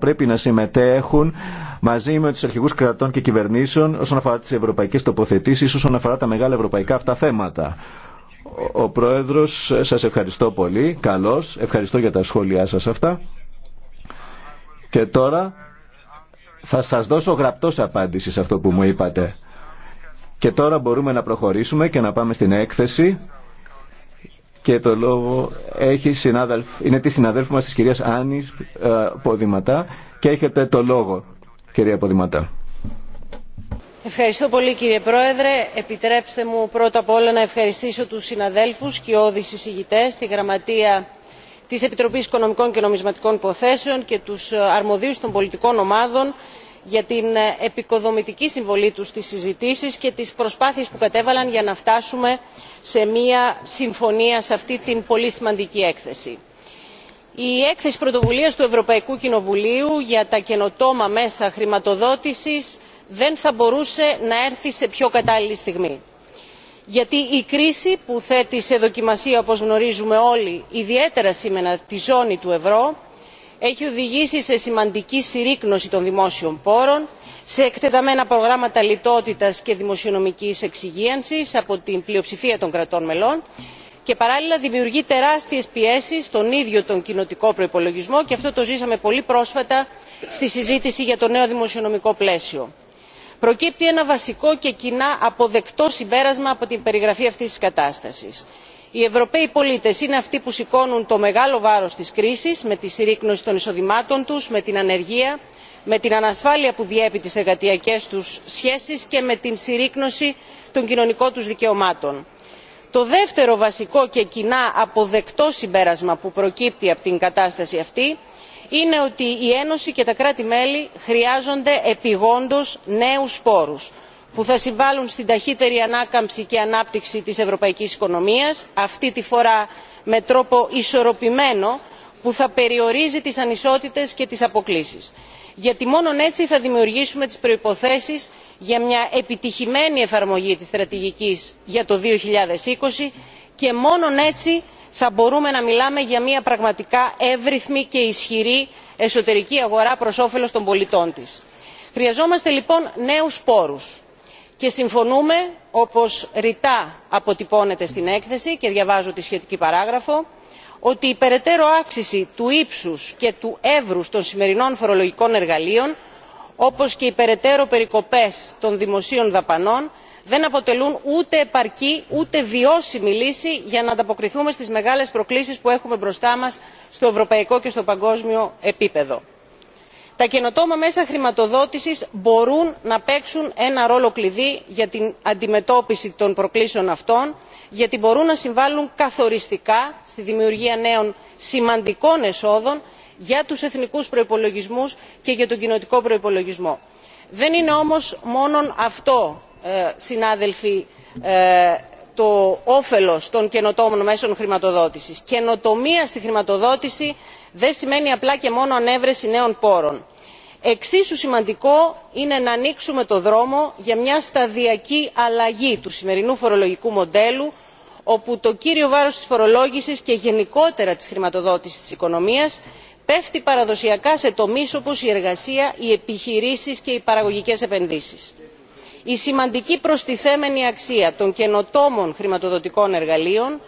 πρέπει να συμμετέχουν μαζί με τους αρχηγούς κρατών και κυβερνήσεων όσον αφορά τις ευρωπαϊκές τοποθετήσεις, όσον αφορά τα μεγάλα ευρωπαϊκά αυτά θέματα. Ο Πρόεδρος, σας ευχαριστώ πολύ. Καλώς. Ευχαριστώ για τα σχόλιά σας αυτά. Και τώρα θα σας δώσω γραπτός απάντηση σε αυτό που μου είπατε. Και τώρα μπορούμε να προχωρήσουμε και να πάμε στην έκθεση και το λόγο έχει συνάδελφ, είναι τη συναδέλφου μας της κυρίας Άννης ε, Ποδηματά και έχετε το λόγο κυρία Ποδηματά. Ευχαριστώ πολύ κύριε Πρόεδρε. Επιτρέψτε μου πρώτα απ' όλα να ευχαριστήσω τους συναδέλφους και όδης συζητητές, τη Γραμματεία της Επιτροπής Οικονομικών και Νομισματικών Υποθέσεων και τους αρμοδίους των πολιτικών ομάδων για την ε, επικοδομητική συμβολή τους στις συζητήσεις και τις προσπάθειες που κατέβαλαν για να φτάσουμε σε μια συμφωνία σε αυτή την πολύ σημαντική έκθεση. η έκθεση πρωτοβουλίας του ευρωπαϊκού κοινοβουλίου για τα καινοτόμα μέσα χρηματοδότησης δεν θα μπορούσε να έρθει σε πιο κατάλληλη στιγμή γιατί η κρίση που θέτει σε δοκιμασία όπως γνωρίζουμε όλοι ιδιαίτερα σήμερα τη ζώνη του ευρώ έχει οδηγήσει σε σημαντική συρρήκνωση των δημόσιων πόρων σε εκτεταμένα προγράμματα λιτότητας και δημοσιονομικής εξυγίανσης από την πλειοψηφία των κρατών μελών και παράλληλα δημιουργεί τεράστιες πιέσεις στον ίδιο τον κοινοτικό προπολογισμό, και αυτό το ζήσαμε πολύ πρόσφατα στη συζήτηση για το νέο δημοσιονομικό πλαίσιο. προκύπτει ένα βασικό και κοινά αποδεκτό συμπέρασμα από την περιγραφή αυτής της κατάστασης οι ευρωπαίοι πολίτες είναι αυτοί που σηκώνουν το μεγάλο βάρος της κρίσης με τη συρρήκνωση των εισοδημάτων τους με την ανεργία με την ανασφάλεια που διέπει τις εργατικές τους σχέσεις και με την συρρήκνωση των κοινωνικών τους δικαιωμάτων. το δεύτερο βασικό και κοινά αποδεκτό συμπέρασμα που προκύπτει από την κατάσταση αυτή είναι ότι η ένωση και τα κράτη μέλη χρειάζονται επιγόντως νέους πόρους που θα συμβάλλουν στην ταχύτερη ανάκαμψη και ανάπτυξη της ευρωπαϊκής οικονομίας αυτή τη φορά με τρόπο ισορροπημένο που θα περιορίζει τις ανισότητες και τις αποκλίσεις γιατί μόνο έτσι θα δημιουργήσουμε τις προϋποθέσεις για μια επιτυχημένη εφαρμογή της στρατηγικής για το 2020 και μόνο έτσι θα μπορούμε να μιλάμε για μια πραγματικά εύρυθμη και ισχυρή εσωτερική αγορά προς όφελος των πολιτών της. χρειαζόμαστε λοιπόν νέους πόρους και συμφωνούμε όπως ρητά αποτυπώνεται στην έκθεση και διαβάζω τη σχετική παράγραφο ότι η περαιτέρω αύξηση του ύψους και του εύρους των σημερινών φορολογικών εργαλείων όπως και οι περαιτέρω περικοπές των δημοσίων δαπανών δεν αποτελούν ούτε επαρκή ούτε βιώσιμη λύση για να ανταποκριθούμε στις μεγάλες προκλήσεις που έχουμε μπροστά μας στο ευρωπαϊκό και στο παγκόσμιο επίπεδο τα καινοτόμα μέσα χρηματοδότησης μπορούν να παίξουν ένα ρόλο κλειδί για την αντιμετώπιση των προκλήσεων αυτών γιατί μπορούν να συμβάλλουν καθοριστικά στη δημιουργία νέων σημαντικών εσόδων για τους εθνικούς προϋπολογισμούς και για τον κοινοτικό προϋπολογισμό. δεν είναι όμως μόνο αυτό ε, συνάδελφοι ε, το όφελος των καινοτόμων μέσων χρηματοδότησης. καινοτομία στη χρηματοδότηση δεν σημαίνει απλά και μόνο ανέβρεση νέων πόρων εξίσου σημαντικό είναι να ανοίξουμε το δρόμο για μια σταδιακή αλλαγή του σημερινού φορολογικού μοντέλου όπου το κύριο βάρος της φορολόγησης και γενικότερα της χρηματοδότησης της οικονομίας πέφτει παραδοσιακά σε τομείς όπως η εργασία οι επιχειρήσεις και οι παραγωγικές επενδύσεις. η σημαντική προστιθέμενη αξία των καινοτόμων χρηματοδοτικών εργαλείων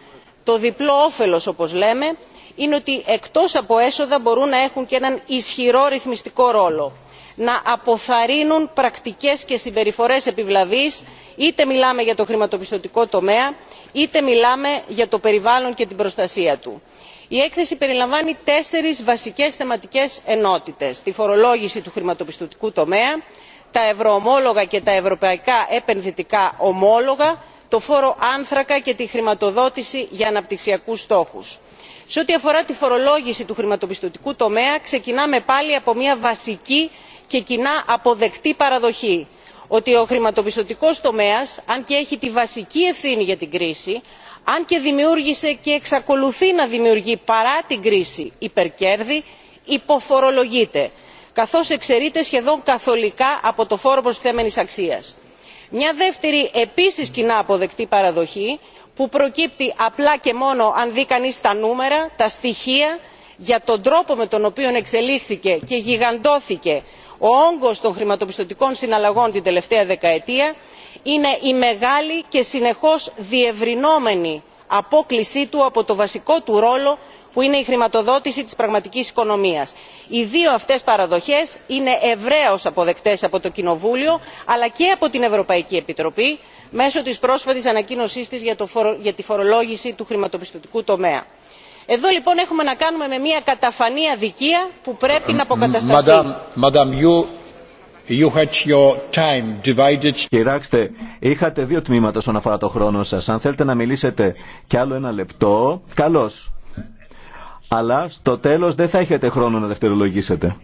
το διπλό όφελος όπως λέμε είναι ότι εκτός από έσοδα μπορούν να έχουν και έναν ισχυρό ρυθμιστικό ρόλο να αποθαρρύνουν πρακτικές και συμπεριφορές επιβλαβείς είτε μιλάμε για το χρηματοπιστωτικό τομέα είτε μιλάμε για το περιβάλλον και την προστασία του. η έκθεση περιλαμβάνει τέσσερις βασικές θεματικές ενότητες τη φορολόγηση του χρηματοπιστωτικού τομέα τα ευρωομόλογα και τα ευρωπαϊκά επενδυτικά ομόλογα το φόρο άνθρακα και τη χρηματοδότηση για αναπτυξιακούς στόχους σε ό,τι αφορά τη φορολόγηση του χρηματοπιστωτικού τομέα ξεκινάμε πάλι από μια βασική και κοινά αποδεκτή παραδοχή ότι ο χρηματοπιστωτικός τομέας αν και έχει τη βασική ευθύνη για την κρίση αν και δημιούργησε και εξακολουθεί να δημιουργεί παρά την κρίση υπερκέρδη υποφορολογείται καθώς εξαιρείται σχεδόν καθολικά από το φόρο προστιθέμενης αξίας. μια δεύτερη επίσης κοινά αποδεκτή παραδοχή που προκύπτει απλά και μόνο αν δει κανεί τα νούμερα τα στοιχεία για τον τρόπο με τον οποίο εξελίχθηκε και γιγαντώθηκε ο όγκο των χρηματοπιστωτικών συναλλαγών την τελευταία δεκαετία είναι η μεγάλη και συνεχώς διευρυνόμενη απόκλησή του από το βασικό του ρόλο που είναι η χρηματοδότηση της πραγματικής οικονομίας. οι δύο αυτές παραδοχές είναι ευρέως αποδεκτές από το κοινοβούλιο αλλά και από την ευρωπαϊκή επιτροπή μέσω της πρόσφατης ανακοίνωσής της για τη φορολόγηση του χρηματοπιστωτικού τομέα. εδώ λοιπόν έχουμε να κάνουμε με μια καταφανή αδικία που πρέπει να αποκατασταθεί. You είχατε δύο τμήματα όσον αφορά το χρόνο σας. Αν θέλετε να μιλήσετε κι άλλο ένα λεπτό, καλώς αλλά στο τέλος δεν θα έχετε χρόνο να δευτερολογήσετε.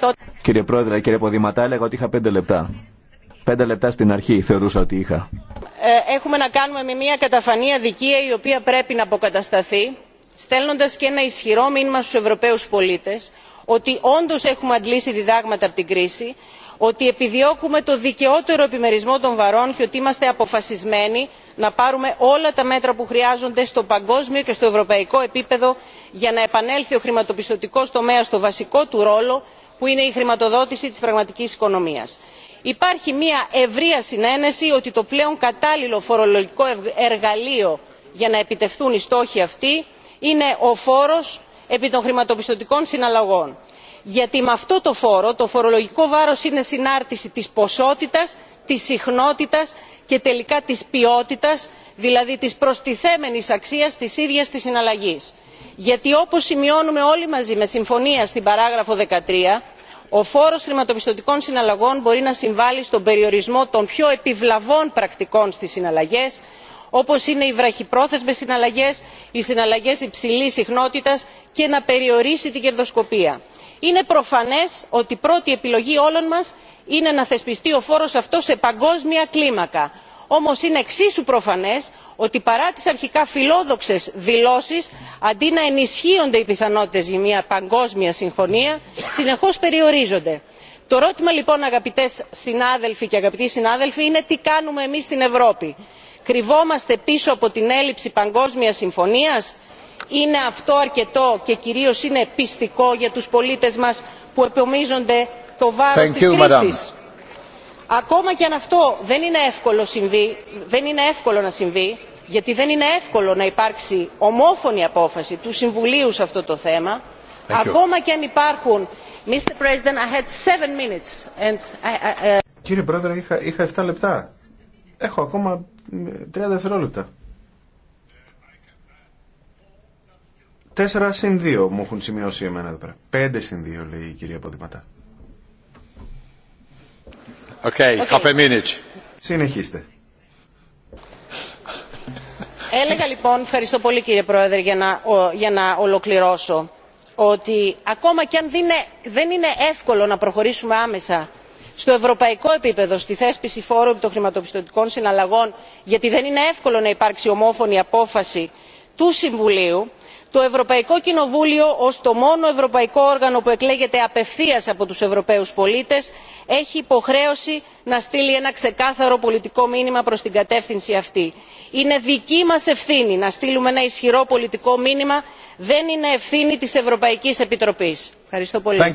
Thought... Κύριε Πρόεδρε, κύριε Ποδηματά, έλεγα ότι είχα πέντε λεπτά. Πέντε λεπτά στην αρχή θεωρούσα ότι είχα. Ε, έχουμε να κάνουμε με μια καταφανή αδικία η οποία πρέπει να αποκατασταθεί, στέλνοντας και ένα ισχυρό μήνυμα στους Ευρωπαίους πολίτες ότι όντως έχουμε αντλήσει διδάγματα από την κρίση, ότι επιδιώκουμε το δικαιότερο επιμερισμό των βαρών και ότι είμαστε αποφασισμένοι να πάρουμε όλα τα μέτρα που χρειάζονται στο παγκόσμιο και στο ευρωπαϊκό επίπεδο για να επανέλθει ο χρηματοπιστωτικός τομέας στο βασικό του ρόλο που είναι η χρηματοδότηση της πραγματικής οικονομίας. υπάρχει μια ευρεία συνένεση ότι το πλέον κατάλληλο φορολογικό εργαλείο για να επιτευχθούν οι στόχοι αυτοί είναι ο φόρος επί των χρηματοπιστωτικών συναλλαγών γιατί με αυτό το φόρο το φορολογικό βάρος είναι συνάρτηση της ποσότητας της συχνότητας και τελικά της ποιότητας δηλαδή της προστιθέμενης αξίας της ίδιας της συναλλαγής γιατί όπως σημειώνουμε όλοι μαζί με συμφωνία στην παράγραφο 13 ο φόρος χρηματοπιστωτικών συναλλαγών μπορεί να συμβάλλει στον περιορισμό των πιο επιβλαβών πρακτικών στις συναλλαγές όπως είναι οι βραχυπρόθεσμες συναλλαγές οι συναλλαγές υψηλής συχνότητας και να περιορίσει την κερδοσκοπία είναι προφανέ ότι η πρώτη επιλογή όλων μας είναι να θεσπιστεί ο φόρος αυτό σε παγκόσμια κλίμακα όμως είναι εξίσου προφανέ ότι παρά τις αρχικά φιλόδοξες δηλώσει αντί να ενισχύονται οι πιθανότητε για μια παγκόσμια συμφωνία συνεχώς περιορίζονται. το ερώτημα λοιπόν αγαπητέ συνάδελφοι και αγαπητοί συνάδελφοι είναι τι κάνουμε εμεί στην ευρώπη. κρυβόμαστε πίσω από την έλλειψη παγκόσμια συμφωνία είναι αυτό αρκετό και κυρίως είναι πιστικό για τους πολίτες μας που επομίζονται το βάρος τη της Ακόμα και αν αυτό δεν είναι, εύκολο να συμβεί, γιατί δεν είναι εύκολο να υπάρξει ομόφωνη απόφαση του Συμβουλίου σε αυτό το θέμα, ακόμα και αν υπάρχουν... Mr. President, I had seven minutes and uh, Κύριε Πρόεδρε, είχα, είχα 7 λεπτά. Έχω ακόμα 30 ε, δευτερόλεπτα. Τέσσερα συν δύο μου έχουν σημειώσει εμένα εδώ πέρα. Πέντε συν δύο, λέει η κυρία Ποδηματά. Okay, Συνεχίστε. Έλεγα λοιπόν, ευχαριστώ πολύ κύριε Πρόεδρε για να, για να ολοκληρώσω, ότι ακόμα κι αν δεν είναι εύκολο να προχωρήσουμε άμεσα στο ευρωπαϊκό επίπεδο στη θέσπιση φόρου των χρηματοπιστωτικών συναλλαγών γιατί δεν είναι εύκολο να υπάρξει ομόφωνη απόφαση του συμβουλίου το ευρωπαϊκό κοινοβούλιο ως το μόνο ευρωπαϊκό όργανο που εκλέγεται απευθείας από τους ευρωπαίους πολίτες έχει υποχρέωση να στείλει ένα ξεκάθαρο πολιτικό μήνυμα προς την κατεύθυνση αυτή. είναι δική μας ευθύνη να στείλουμε ένα ισχυρό πολιτικό μήνυμα δεν είναι ευθύνη της ευρωπαϊκής επιτροπής. ευχαριστώ πολύ.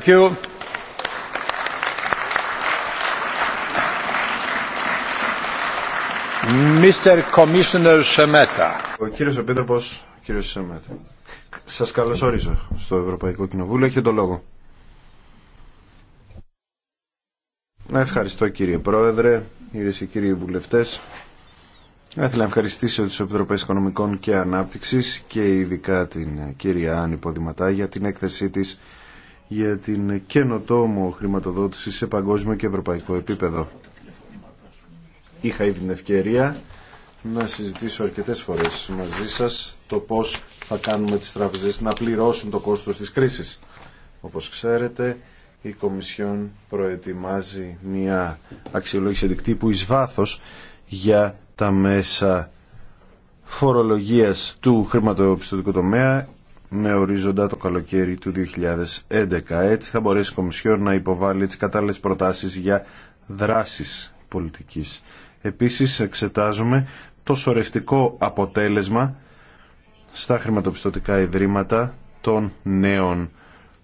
Σας καλωσορίζω στο Ευρωπαϊκό Κοινοβούλιο. Έχετε το λόγο. Ευχαριστώ κύριε Πρόεδρε, κύριε και κύριοι βουλευτές. Θα ήθελα να ευχαριστήσω τις Επιτροπές Οικονομικών και Ανάπτυξης και ειδικά την κυρία Άννη Ποδηματά για την έκθεσή της για την καινοτόμο χρηματοδότηση σε παγκόσμιο και ευρωπαϊκό επίπεδο. Είχα ήδη την ευκαιρία να συζητήσω αρκετές φορές μαζί σας το πώς θα κάνουμε τις τράπεζες να πληρώσουν το κόστος της κρίσης. Όπως ξέρετε, η Κομισιόν προετοιμάζει μια αξιολόγηση αντικτύπου εις βάθος για τα μέσα φορολογίας του χρηματοπιστωτικού τομέα με ορίζοντα το καλοκαίρι του 2011. Έτσι θα μπορέσει η Κομισιόν να υποβάλει τις κατάλληλες προτάσεις για δράσεις πολιτικής. Επίσης εξετάζουμε το σωρευτικό αποτέλεσμα στα χρηματοπιστωτικά ιδρύματα των νέων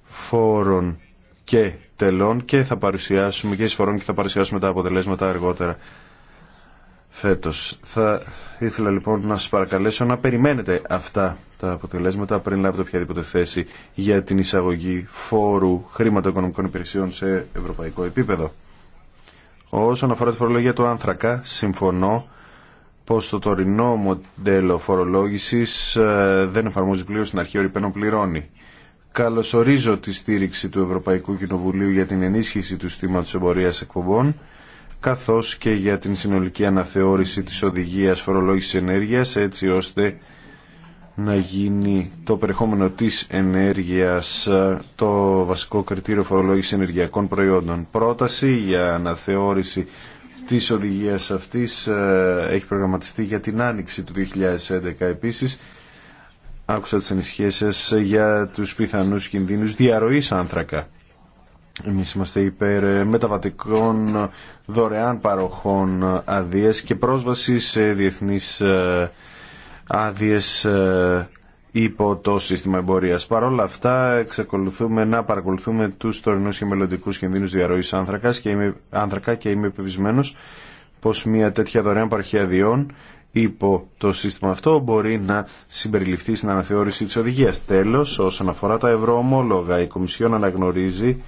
φόρων και τελών και θα παρουσιάσουμε και εισφορών και θα παρουσιάσουμε τα αποτελέσματα αργότερα φέτος. Θα ήθελα λοιπόν να σας παρακαλέσω να περιμένετε αυτά τα αποτελέσματα πριν λάβετε οποιαδήποτε θέση για την εισαγωγή φόρου χρηματοοικονομικών υπηρεσιών σε ευρωπαϊκό επίπεδο. Όσον αφορά τη φορολογία του άνθρακα, συμφωνώ πως το τωρινό μοντέλο φορολόγησης ε, δεν εφαρμόζει πλήρως στην αρχή ορυπένων πληρώνει. Καλωσορίζω τη στήριξη του Ευρωπαϊκού Κοινοβουλίου για την ενίσχυση του στήματος εμπορίας εκπομπών καθώς και για την συνολική αναθεώρηση της οδηγίας φορολόγησης ενέργειας έτσι ώστε να γίνει το περιεχόμενο της ενέργειας ε, το βασικό κριτήριο φορολόγησης ενεργειακών προϊόντων. Πρόταση για αναθεώρηση της οδηγίας αυτής ε, έχει προγραμματιστεί για την άνοιξη του 2011 επίσης. Άκουσα τις ανησυχίες για τους πιθανούς κινδύνους διαρροής άνθρακα. Εμείς είμαστε υπέρ ε, μεταβατικών δωρεάν παροχών αδείας και πρόσβαση σε διεθνείς άδειες ε, υπό το σύστημα εμπορία. Παρ' όλα αυτά εξακολουθούμε να παρακολουθούμε του τωρινού και μελλοντικού κινδύνου διαρροή άνθρακας και είμαι, άνθρακα και είμαι επιβεβισμένος πω μια τέτοια δωρεάν παρχή αδειών υπό το σύστημα αυτό μπορεί να συμπεριληφθεί στην αναθεώρηση τη οδηγία. Τέλο, όσον αφορά τα ευρωομόλογα, η Κομισιόν αναγνωρίζει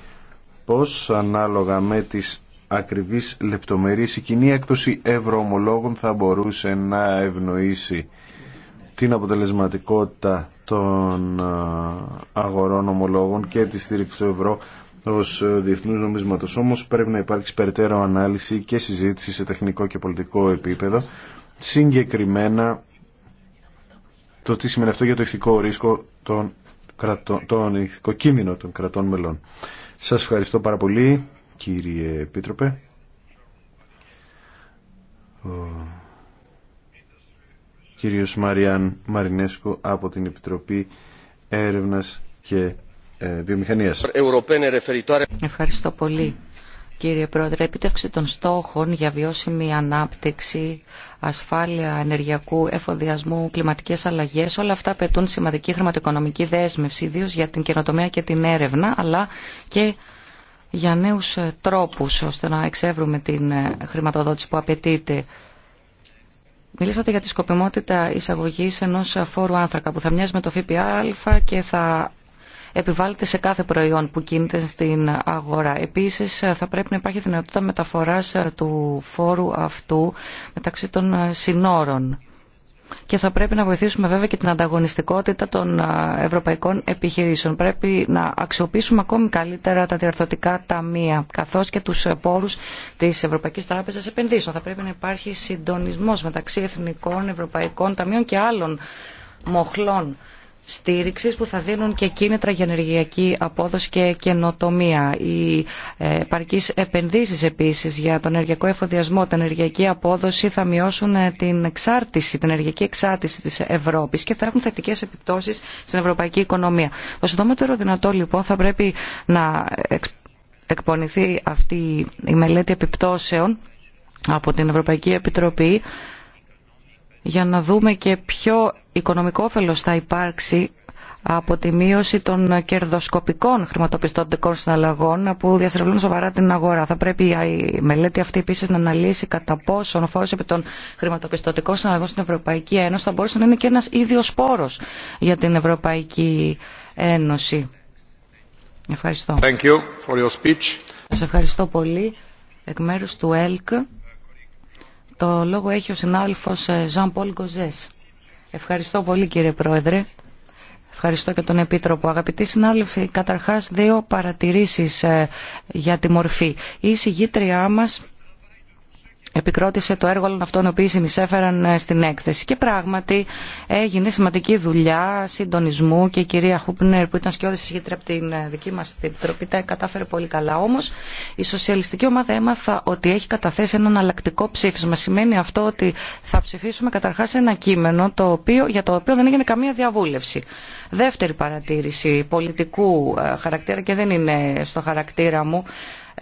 πώ ανάλογα με τι ακριβείς λεπτομερείς η κοινή έκδοση ευρωομολόγων θα μπορούσε να ευνοήσει την αποτελεσματικότητα των ε, αγορών ομολόγων και τη στήριξη του ευρώ ως ε, διεθνούς νομίσματος. Όμως πρέπει να υπάρξει περαιτέρω ανάλυση και συζήτηση σε τεχνικό και πολιτικό επίπεδο συγκεκριμένα το τι σημαίνει αυτό για το ηθικό ρίσκο των κρατών, τον ηθικό κίνδυνο των κρατών μελών. Σας ευχαριστώ πάρα πολύ κύριε Επίτροπε κύριος Μαριάν Μαρινέσκο από την Επιτροπή Έρευνας και ε, Βιομηχανίας. Ευχαριστώ πολύ. Κύριε Πρόεδρε, επίτευξη των στόχων για βιώσιμη ανάπτυξη, ασφάλεια ενεργειακού εφοδιασμού, κλιματικέ αλλαγέ, όλα αυτά απαιτούν σημαντική χρηματοοικονομική δέσμευση, ιδίω για την καινοτομία και την έρευνα, αλλά και για νέου τρόπου ώστε να εξεύρουμε την ε, χρηματοδότηση που απαιτείται. Μιλήσατε για τη σκοπιμότητα εισαγωγή ενός φόρου άνθρακα που θα μοιάζει με το ΦΠΑ και θα επιβάλλεται σε κάθε προϊόν που κινείται στην αγορά. Επίσης θα πρέπει να υπάρχει δυνατότητα μεταφοράς του φόρου αυτού μεταξύ των συνόρων και θα πρέπει να βοηθήσουμε βέβαια και την ανταγωνιστικότητα των ευρωπαϊκών επιχειρήσεων. Πρέπει να αξιοποιήσουμε ακόμη καλύτερα τα διαρθωτικά ταμεία, καθώς και τους ε, πόρους της Ευρωπαϊκής Τράπεζας Επενδύσεων. Θα πρέπει να υπάρχει συντονισμός μεταξύ εθνικών, ευρωπαϊκών ταμείων και άλλων μοχλών στήριξης που θα δίνουν και κίνητρα για ενεργειακή απόδοση και καινοτομία. Οι ε, παρκείς επενδύσεις επίσης για τον ενεργειακό εφοδιασμό, την ενεργειακή απόδοση θα μειώσουν ε, την εξάρτηση, την ενεργειακή εξάρτηση της Ευρώπης και θα έχουν θετικές επιπτώσεις στην ευρωπαϊκή οικονομία. Το συντομότερο δυνατό λοιπόν θα πρέπει να εκπονηθεί αυτή η μελέτη επιπτώσεων από την Ευρωπαϊκή Επιτροπή για να δούμε και ποιο οικονομικό όφελος θα υπάρξει από τη μείωση των κερδοσκοπικών χρηματοπιστωτικών συναλλαγών που διαστρεβλούν σοβαρά την αγορά. Θα πρέπει η μελέτη αυτή επίση να αναλύσει κατά πόσον ο φόρο επί των χρηματοπιστωτικών συναλλαγών στην Ευρωπαϊκή Ένωση θα μπορούσε να είναι και ένα ίδιο πόρο για την Ευρωπαϊκή Ένωση. Ευχαριστώ. Thank you ευχαριστώ πολύ εκ μέρους του ΕΛΚ. Το λόγο έχει ο συνάδελφος Ζαν ε, Πολ Ευχαριστώ πολύ κύριε Πρόεδρε. Ευχαριστώ και τον Επίτροπο. Αγαπητοί συνάδελφοι, καταρχάς δύο παρατηρήσεις ε, για τη μορφή. Η συγγήτριά μας επικρότησε το έργο όλων αυτών οι οποίοι συνεισέφεραν ε, στην έκθεση. Και πράγματι έγινε σημαντική δουλειά συντονισμού και η κυρία Χούπνερ που ήταν σκιώδη συγχύτρια από την ε, δική μας την Επιτροπή τα κατάφερε πολύ καλά. Όμως η σοσιαλιστική ομάδα έμαθα ότι έχει καταθέσει ένα αλλακτικό ψήφισμα. Σημαίνει αυτό ότι θα ψηφίσουμε καταρχάς ένα κείμενο το οποίο, για το οποίο δεν έγινε καμία διαβούλευση. Δεύτερη παρατήρηση πολιτικού ε, χαρακτήρα και δεν είναι στο χαρακτήρα μου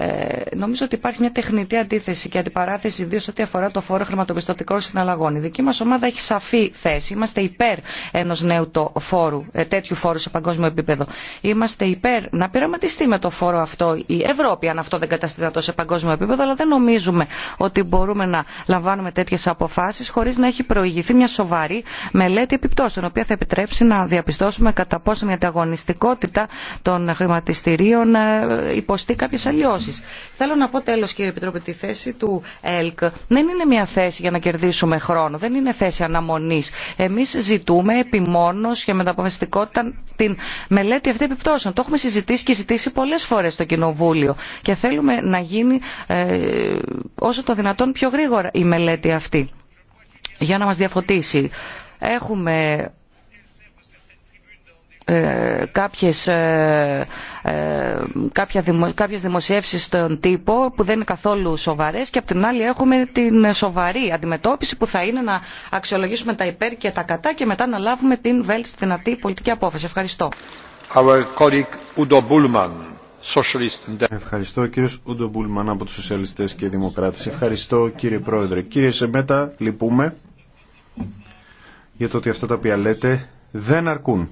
ε, νομίζω ότι υπάρχει μια τεχνητή αντίθεση και αντιπαράθεση, ιδίω ό,τι αφορά το φόρο χρηματοπιστωτικών συναλλαγών. Η δική μα ομάδα έχει σαφή θέση. Είμαστε υπέρ ενό νέου φόρου, ε, τέτοιου φόρου σε παγκόσμιο επίπεδο. Είμαστε υπέρ να πειραματιστεί με το φόρο αυτό η Ευρώπη, αν αυτό δεν καταστηθεί σε παγκόσμιο επίπεδο, αλλά δεν νομίζουμε ότι μπορούμε να λαμβάνουμε τέτοιε αποφάσει χωρί να έχει προηγηθεί μια σοβαρή μελέτη επιπτώσεων, η οποία θα επιτρέψει να διαπιστώσουμε κατά πόσο η ανταγωνιστικότητα των χρηματιστηρίων ε, υποστεί κάποιε αλλιώσει. Θέλω να πω τέλο, κύριε Επιτρόπε, τη θέση του ΕΛΚ δεν είναι μια θέση για να κερδίσουμε χρόνο, δεν είναι θέση αναμονής. Εμείς ζητούμε επιμόνως και με τα την μελέτη αυτή επιπτώσεων. Το έχουμε συζητήσει και ζητήσει πολλές φορές στο Κοινοβούλιο και θέλουμε να γίνει ε, όσο το δυνατόν πιο γρήγορα η μελέτη αυτή για να μας διαφωτίσει. Έχουμε ε, κάποιες, ε, ε, κάποιες δημοσιεύσεις στον τύπο που δεν είναι καθόλου σοβαρές και από την άλλη έχουμε την σοβαρή αντιμετώπιση που θα είναι να αξιολογήσουμε τα υπέρ και τα κατά και μετά να λάβουμε την βέλτιστη δυνατή πολιτική απόφαση. Ευχαριστώ. Ευχαριστώ κύριος Ούντο Μπούλμαν από τους Σοσιαλιστές και Δημοκράτες. Ευχαριστώ κύριε Πρόεδρε. Κύριε Σεμέτα, λυπούμε για το ότι αυτά τα οποία λέτε δεν αρκούν.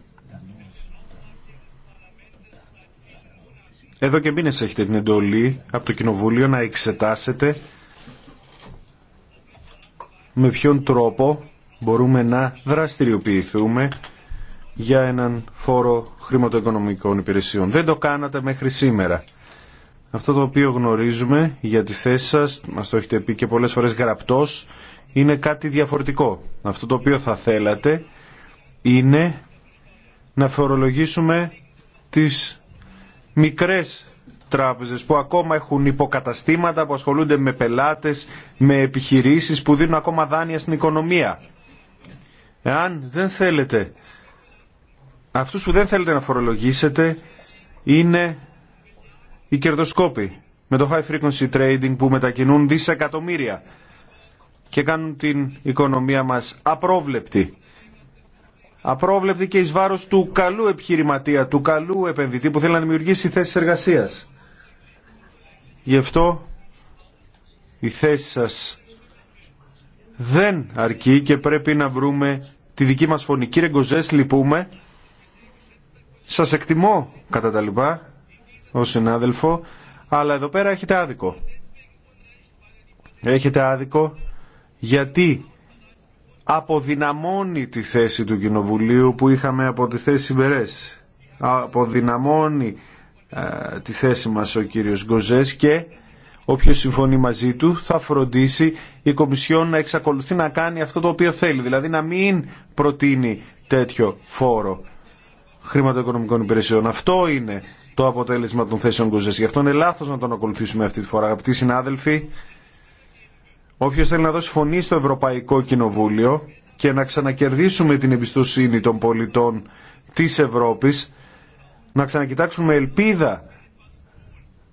Εδώ και μήνες έχετε την εντολή από το Κοινοβούλιο να εξετάσετε με ποιον τρόπο μπορούμε να δραστηριοποιηθούμε για έναν φόρο χρηματοοικονομικών υπηρεσιών. Δεν το κάνατε μέχρι σήμερα. Αυτό το οποίο γνωρίζουμε για τη θέση σας, μας το έχετε πει και πολλές φορές γραπτός, είναι κάτι διαφορετικό. Αυτό το οποίο θα θέλατε είναι να φορολογήσουμε τις μικρές τράπεζες που ακόμα έχουν υποκαταστήματα, που ασχολούνται με πελάτες, με επιχειρήσεις που δίνουν ακόμα δάνεια στην οικονομία. Εάν δεν θέλετε, αυτούς που δεν θέλετε να φορολογήσετε είναι οι κερδοσκόποι με το high frequency trading που μετακινούν δισεκατομμύρια και κάνουν την οικονομία μας απρόβλεπτη απρόβλεπτη και εις βάρος του καλού επιχειρηματία, του καλού επενδυτή που θέλει να δημιουργήσει θέσεις εργασίας. Γι' αυτό η θέση σας δεν αρκεί και πρέπει να βρούμε τη δική μας φωνή. Κύριε Γκοζές, λυπούμε. Σας εκτιμώ κατά τα λοιπά, ως συνάδελφο, αλλά εδώ πέρα έχετε άδικο. Έχετε άδικο γιατί αποδυναμώνει τη θέση του Κοινοβουλίου που είχαμε από τη θέση συμπερέ. Αποδυναμώνει ε, τη θέση μας ο κύριος Γκοζές και όποιο συμφωνεί μαζί του θα φροντίσει η Κομισιόν να εξακολουθεί να κάνει αυτό το οποίο θέλει, δηλαδή να μην προτείνει τέτοιο φόρο χρηματοοικονομικών υπηρεσιών. Αυτό είναι το αποτέλεσμα των θέσεων Γκοζές. Γι' αυτό είναι λάθος να τον ακολουθήσουμε αυτή τη φορά, αγαπητοί συνάδελφοι. Όποιο θέλει να δώσει φωνή στο Ευρωπαϊκό Κοινοβούλιο και να ξανακερδίσουμε την εμπιστοσύνη των πολιτών της Ευρώπης, να ξανακοιτάξουμε ελπίδα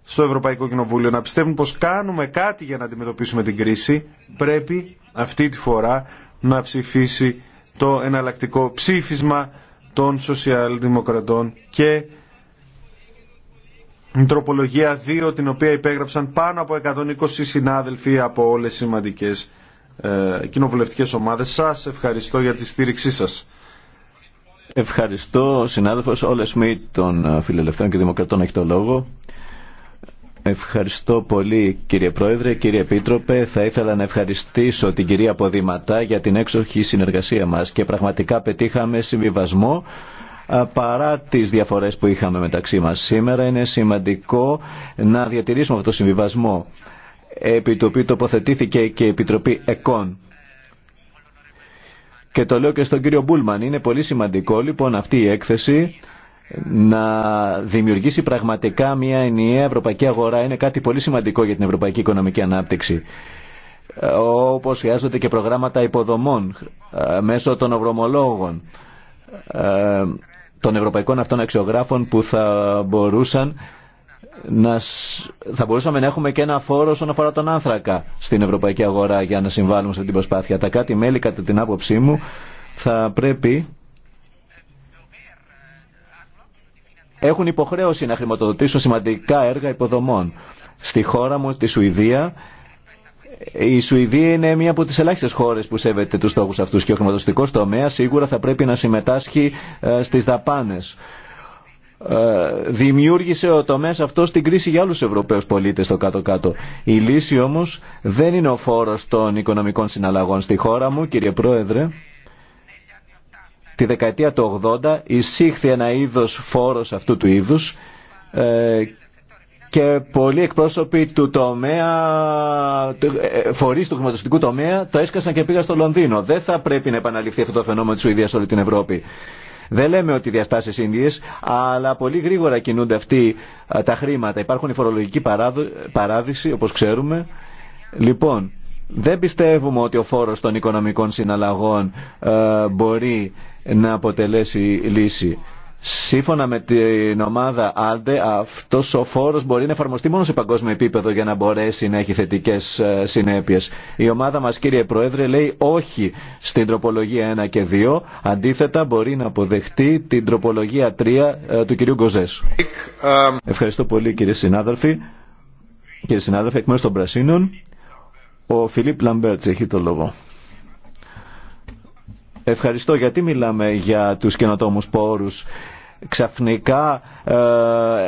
στο Ευρωπαϊκό Κοινοβούλιο, να πιστεύουν πως κάνουμε κάτι για να αντιμετωπίσουμε την κρίση, πρέπει αυτή τη φορά να ψηφίσει το εναλλακτικό ψήφισμα των σοσιαλδημοκρατών και τροπολογία 2 την οποία υπέγραψαν πάνω από 120 συνάδελφοι από όλες σημαντικές ε, κοινοβουλευτικές ομάδες. Σας ευχαριστώ για τη στήριξή σας. Ευχαριστώ συνάδελφος Όλες Μη των ε, Φιλελευθέρων και Δημοκρατών έχει το λόγο. Ευχαριστώ πολύ κύριε Πρόεδρε, κύριε Επίτροπε. Θα ήθελα να ευχαριστήσω την κυρία Ποδηματά για την έξοχη συνεργασία μας και πραγματικά πετύχαμε συμβιβασμό παρά τις διαφορές που είχαμε μεταξύ μας. Σήμερα είναι σημαντικό να διατηρήσουμε αυτό το συμβιβασμό επί το οποίου τοποθετήθηκε και η Επιτροπή ΕΚΟΝ. Και το λέω και στον κύριο Μπούλμαν. Είναι πολύ σημαντικό λοιπόν αυτή η έκθεση να δημιουργήσει πραγματικά μια ενιαία ευρωπαϊκή αγορά. Είναι κάτι πολύ σημαντικό για την ευρωπαϊκή οικονομική ανάπτυξη όπως χρειάζονται και προγράμματα υποδομών ε, μέσω των ευρωμολόγων. Ε, των ευρωπαϊκών αυτών αξιογράφων που θα μπορούσαν να, θα μπορούσαμε να έχουμε και ένα φόρο όσον αφορά τον άνθρακα στην ευρωπαϊκή αγορά για να συμβάλλουμε σε αυτή την προσπάθεια. Τα κάτι μέλη, κατά την άποψή μου, θα πρέπει έχουν υποχρέωση να χρηματοδοτήσουν σημαντικά έργα υποδομών. Στη χώρα μου, στη Σουηδία, η Σουηδία είναι μία από τις ελάχιστες χώρες που σέβεται τους στόχου αυτούς και ο χρηματοδοτικός τομέα σίγουρα θα πρέπει να συμμετάσχει ε, στις δαπάνες. Ε, δημιούργησε ο τομέα αυτός την κρίση για άλλους Ευρωπαίους πολίτε στο κάτω-κάτω. Η λύση όμως δεν είναι ο φόρο των οικονομικών συναλλαγών στη χώρα μου, κύριε Πρόεδρε. Τη δεκαετία του 80 εισήχθη ένα είδος φόρος αυτού του είδους ε, και πολλοί εκπρόσωποι του τομέα, ε, φορείς του χρηματοστικού τομέα, το έσκασαν και πήγαν στο Λονδίνο. Δεν θα πρέπει να επαναληφθεί αυτό το φαινόμενο της Σουηδίας σε όλη την Ευρώπη. Δεν λέμε ότι οι διαστάσεις ίδιες, αλλά πολύ γρήγορα κινούνται αυτοί τα χρήματα. Υπάρχουν οι φορολογικοί παράδεισοι, όπως ξέρουμε. Λοιπόν, δεν πιστεύουμε ότι ο φόρος των οικονομικών συναλλαγών ε, μπορεί να αποτελέσει λύση. Σύμφωνα με την ομάδα ALDE, αυτό ο φόρο μπορεί να εφαρμοστεί μόνο σε παγκόσμιο επίπεδο για να μπορέσει να έχει θετικέ ε, συνέπειε. Η ομάδα μα, κύριε Πρόεδρε, λέει όχι στην τροπολογία 1 και 2. Αντίθετα, μπορεί να αποδεχτεί την τροπολογία 3 ε, του κυρίου Γκοζέ. Ευχαριστώ πολύ, κύριε συνάδελφοι. Κύριε συνάδελφοι, εκ μέρου των Πρασίνων, ο Φιλίπ Λαμπέρτ έχει το λόγο. Ευχαριστώ γιατί μιλάμε για τους καινοτόμους πόρους ξαφνικά ε,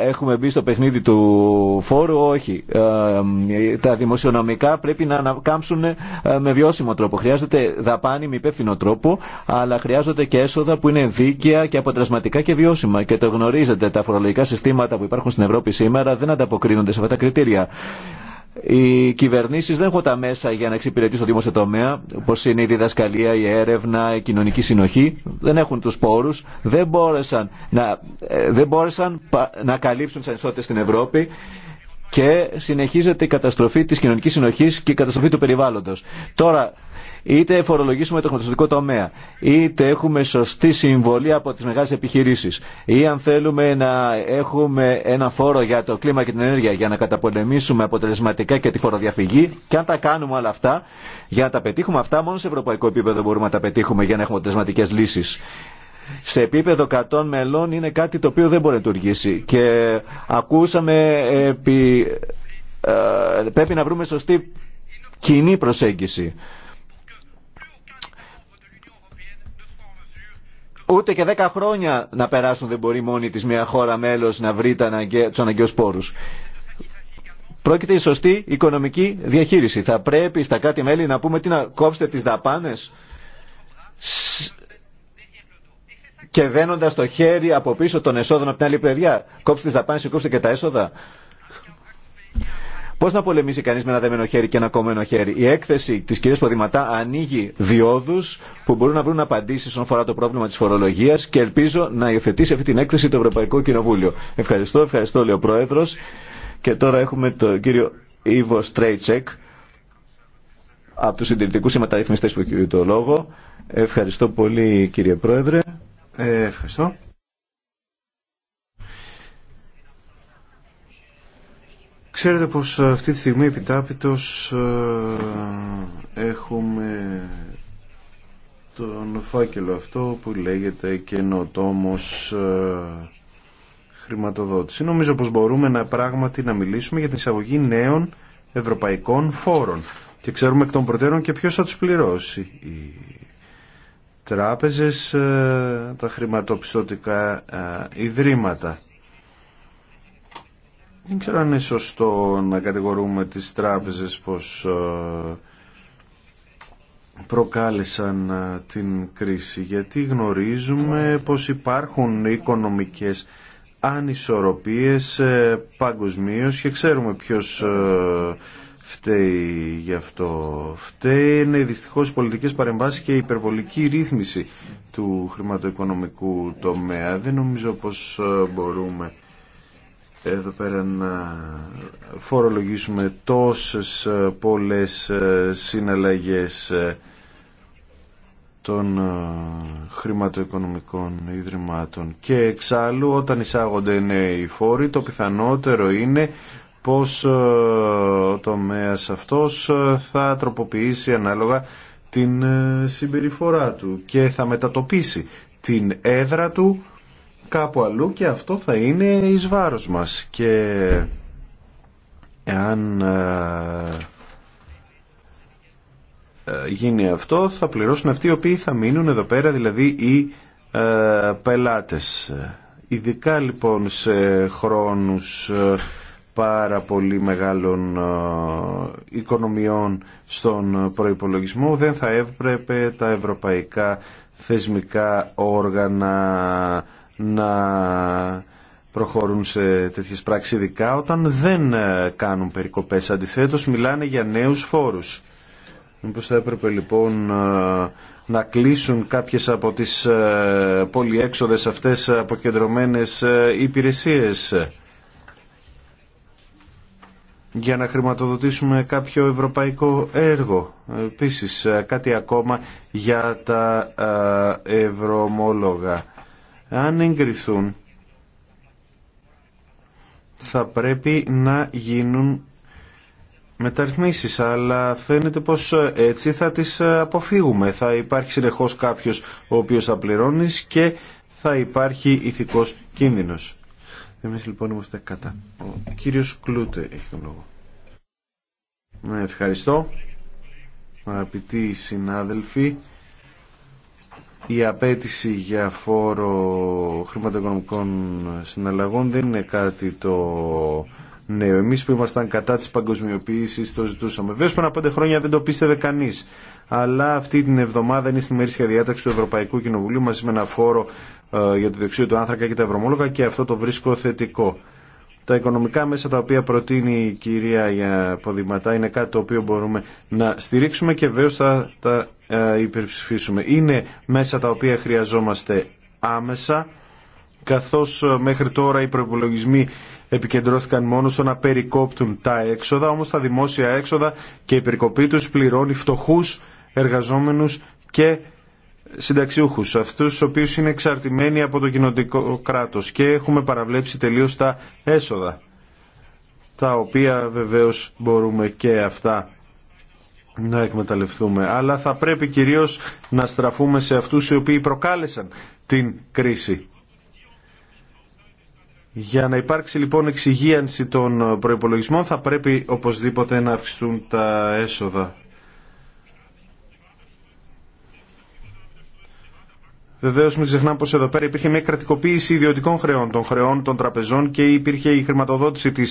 έχουμε μπει στο παιχνίδι του φόρου, όχι. Ε, τα δημοσιονομικά πρέπει να ανακάμψουν ε, με βιώσιμο τρόπο. Χρειάζεται δαπάνη με υπεύθυνο τρόπο, αλλά χρειάζονται και έσοδα που είναι δίκαια και αποτελεσματικά και βιώσιμα. Και το γνωρίζετε, τα φορολογικά συστήματα που υπάρχουν στην Ευρώπη σήμερα δεν ανταποκρίνονται σε αυτά τα κριτήρια. Οι κυβερνήσει δεν έχουν τα μέσα για να εξυπηρετήσουν το δημόσιο τομέα, όπω είναι η διδασκαλία, η έρευνα, η κοινωνική συνοχή. Δεν έχουν του πόρου, δεν μπόρεσαν να, ε, δεν μπόρεσαν να καλύψουν τι ανισότητε στην Ευρώπη και συνεχίζεται η καταστροφή τη κοινωνική συνοχή και η καταστροφή του περιβάλλοντο. Τώρα είτε φορολογήσουμε το χρηματοδοτικό τομέα, είτε έχουμε σωστή συμβολή από τι μεγάλε επιχειρήσει, ή αν θέλουμε να έχουμε ένα φόρο για το κλίμα και την ενέργεια για να καταπολεμήσουμε αποτελεσματικά και τη φοροδιαφυγή, και αν τα κάνουμε όλα αυτά, για να τα πετύχουμε αυτά, μόνο σε ευρωπαϊκό επίπεδο μπορούμε να τα πετύχουμε για να έχουμε αποτελεσματικέ λύσει σε επίπεδο 100 μελών είναι κάτι το οποίο δεν μπορεί να λειτουργήσει. Και ακούσαμε επί, ε, πρέπει να βρούμε σωστή κοινή προσέγγιση. Ούτε και 10 χρόνια να περάσουν δεν μπορεί μόνη της μια χώρα μέλος να βρει τους αναγκαίους πόρους. Πρόκειται η σωστή οικονομική διαχείριση. Θα πρέπει στα κράτη-μέλη να πούμε τι να κόψετε τις δαπάνες και δένοντας το χέρι από πίσω των εσόδων από την άλλη παιδιά. Κόψτε τις δαπάνες και κόψτε και τα έσοδα. Πώ να πολεμήσει κανεί με ένα δεμένο χέρι και ένα κομμένο χέρι. Η έκθεση τη κυρία Ποδηματά ανοίγει διόδου που μπορούν να βρουν απαντήσει όσον αφορά το πρόβλημα τη φορολογία και ελπίζω να υιοθετήσει αυτή την έκθεση το Ευρωπαϊκό Κοινοβούλιο. Ευχαριστώ, ευχαριστώ, λέει ο Πρόεδρο. Και τώρα έχουμε τον κύριο Ιβο Στρέιτσεκ από του συντηρητικού και που έχει το λόγο. Ευχαριστώ πολύ, κύριε Πρόεδρε. Ε, ευχαριστώ. Ξέρετε πως ε, αυτή τη στιγμή επιτάπητος ε, έχουμε τον φάκελο αυτό που λέγεται καινοτόμος ε, χρηματοδότηση. Νομίζω πως μπορούμε να πράγματι να μιλήσουμε για την εισαγωγή νέων ευρωπαϊκών φόρων και ξέρουμε εκ των προτέρων και ποιος θα τους πληρώσει. Οι τράπεζες, τα χρηματοπιστωτικά ιδρύματα. Δεν ξέρω αν είναι σωστό να κατηγορούμε τις τράπεζες πως ε, προκάλεσαν ε, την κρίση γιατί γνωρίζουμε πως υπάρχουν οικονομικές ανισορροπίες ε, παγκοσμίω και ξέρουμε ποιος φταίει γι' αυτό. είναι δυστυχώς οι πολιτικές παρεμβάσεις και η υπερβολική ρύθμιση του χρηματοοικονομικού τομέα. Δεν νομίζω πως μπορούμε εδώ πέρα να φορολογήσουμε τόσες πολλές συναλλαγές των χρηματοοικονομικών ιδρυμάτων. Και εξάλλου όταν εισάγονται νέοι φόροι το πιθανότερο είναι πως ο τομέας αυτός θα τροποποιήσει ανάλογα την συμπεριφορά του και θα μετατοπίσει την έδρα του κάπου αλλού και αυτό θα είναι εις βάρος μας. Και εάν ε, ε, γίνει αυτό θα πληρώσουν αυτοί οι οποίοι θα μείνουν εδώ πέρα, δηλαδή οι ε, πελάτες. Ειδικά λοιπόν σε χρόνους πάρα πολύ μεγάλων οικονομιών στον προϋπολογισμό δεν θα έπρεπε τα ευρωπαϊκά θεσμικά όργανα να προχωρούν σε τέτοιες πράξεις ειδικά όταν δεν ε, κάνουν περικοπές. Αντιθέτως μιλάνε για νέους φόρους. Μήπως θα έπρεπε λοιπόν ε, να κλείσουν κάποιες από τις ε, πολυέξοδες αυτές αποκεντρωμένες υπηρεσίες για να χρηματοδοτήσουμε κάποιο ευρωπαϊκό έργο. Επίσης κάτι ακόμα για τα ευρωομόλογα αν εγκριθούν θα πρέπει να γίνουν μεταρρυθμίσεις, αλλά φαίνεται πως έτσι θα τις αποφύγουμε. Θα υπάρχει συνεχώς κάποιος ο οποίος θα πληρώνει και θα υπάρχει ηθικός κίνδυνος. Εμείς λοιπόν είμαστε κατά. Ο κύριος Κλούτε έχει τον λόγο. Ναι, ευχαριστώ. Αγαπητοί συνάδελφοι, η απέτηση για φόρο χρηματοοικονομικών συναλλαγών δεν είναι κάτι το νέο. Εμείς που ήμασταν κατά της παγκοσμιοποίησης το ζητούσαμε. Βέβαια πριν από πέντε χρόνια δεν το πίστευε κανείς. Αλλά αυτή την εβδομάδα είναι στη μερίσια διάταξη του Ευρωπαϊκού Κοινοβουλίου μαζί με ένα φόρο ε, για το δεξίο του άνθρακα και τα ευρωμόλογα και αυτό το βρίσκω θετικό. Τα οικονομικά μέσα τα οποία προτείνει η κυρία Ποδηματά είναι κάτι το οποίο μπορούμε να στηρίξουμε και βέβαια θα τα ε, υπερψηφίσουμε. Είναι μέσα τα οποία χρειαζόμαστε άμεσα, καθώς ε, μέχρι τώρα οι προπολογισμοί επικεντρώθηκαν μόνο στο να περικόπτουν τα έξοδα, όμως τα δημόσια έξοδα και η περικοπή τους πληρώνει φτωχούς εργαζόμενους και συνταξιούχους, αυτούς τους οποίους είναι εξαρτημένοι από το κοινωνικό κράτος και έχουμε παραβλέψει τελείως τα έσοδα τα οποία βεβαίως μπορούμε και αυτά να εκμεταλλευτούμε, αλλά θα πρέπει κυρίως να στραφούμε σε αυτούς οι οποίοι προκάλεσαν την κρίση. Για να υπάρξει λοιπόν εξυγίανση των προϋπολογισμών θα πρέπει οπωσδήποτε να αυξηθούν τα έσοδα Βεβαίω, μην ξεχνάμε πω εδώ πέρα υπήρχε μια κρατικοποίηση ιδιωτικών χρεών, των χρεών των τραπεζών και υπήρχε η χρηματοδότηση τη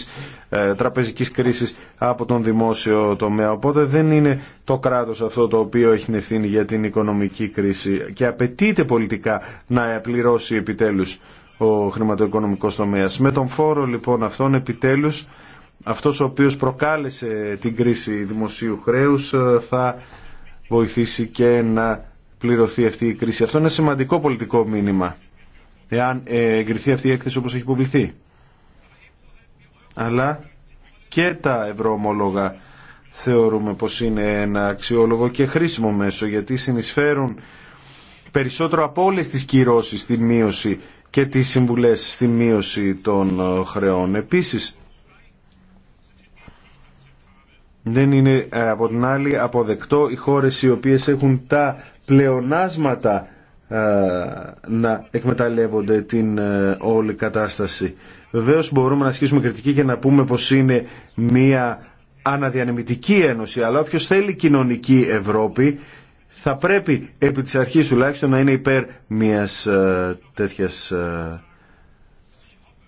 ε, τραπεζική κρίση από τον δημόσιο τομέα. Οπότε δεν είναι το κράτο αυτό το οποίο έχει την ευθύνη για την οικονομική κρίση και απαιτείται πολιτικά να πληρώσει επιτέλου ο χρηματοοικονομικό τομέα. Με τον φόρο λοιπόν αυτόν επιτέλου αυτό ο οποίο προκάλεσε την κρίση δημοσίου χρέου ε, θα βοηθήσει και να πληρωθεί αυτή η κρίση. Αυτό είναι σημαντικό πολιτικό μήνυμα, εάν ε, εγκριθεί αυτή η έκθεση όπως έχει υποβληθεί. Αλλά και τα ευρωομόλογα θεωρούμε πως είναι ένα αξιόλογο και χρήσιμο μέσο, γιατί συνεισφέρουν περισσότερο από όλε τις κυρώσεις στη μείωση και τις συμβουλές στη μείωση των ε, χρεών. Επίσης, δεν είναι ε, από την άλλη αποδεκτό οι χώρες οι οποίες έχουν τα πλεονάσματα ε, να εκμεταλλεύονται την ε, όλη κατάσταση. Βεβαίω μπορούμε να ασκήσουμε κριτική και να πούμε πως είναι μία αναδιανεμητική ένωση, αλλά όποιος θέλει κοινωνική Ευρώπη θα πρέπει επί της αρχής τουλάχιστον να είναι υπέρ μιας ε, τέτοιας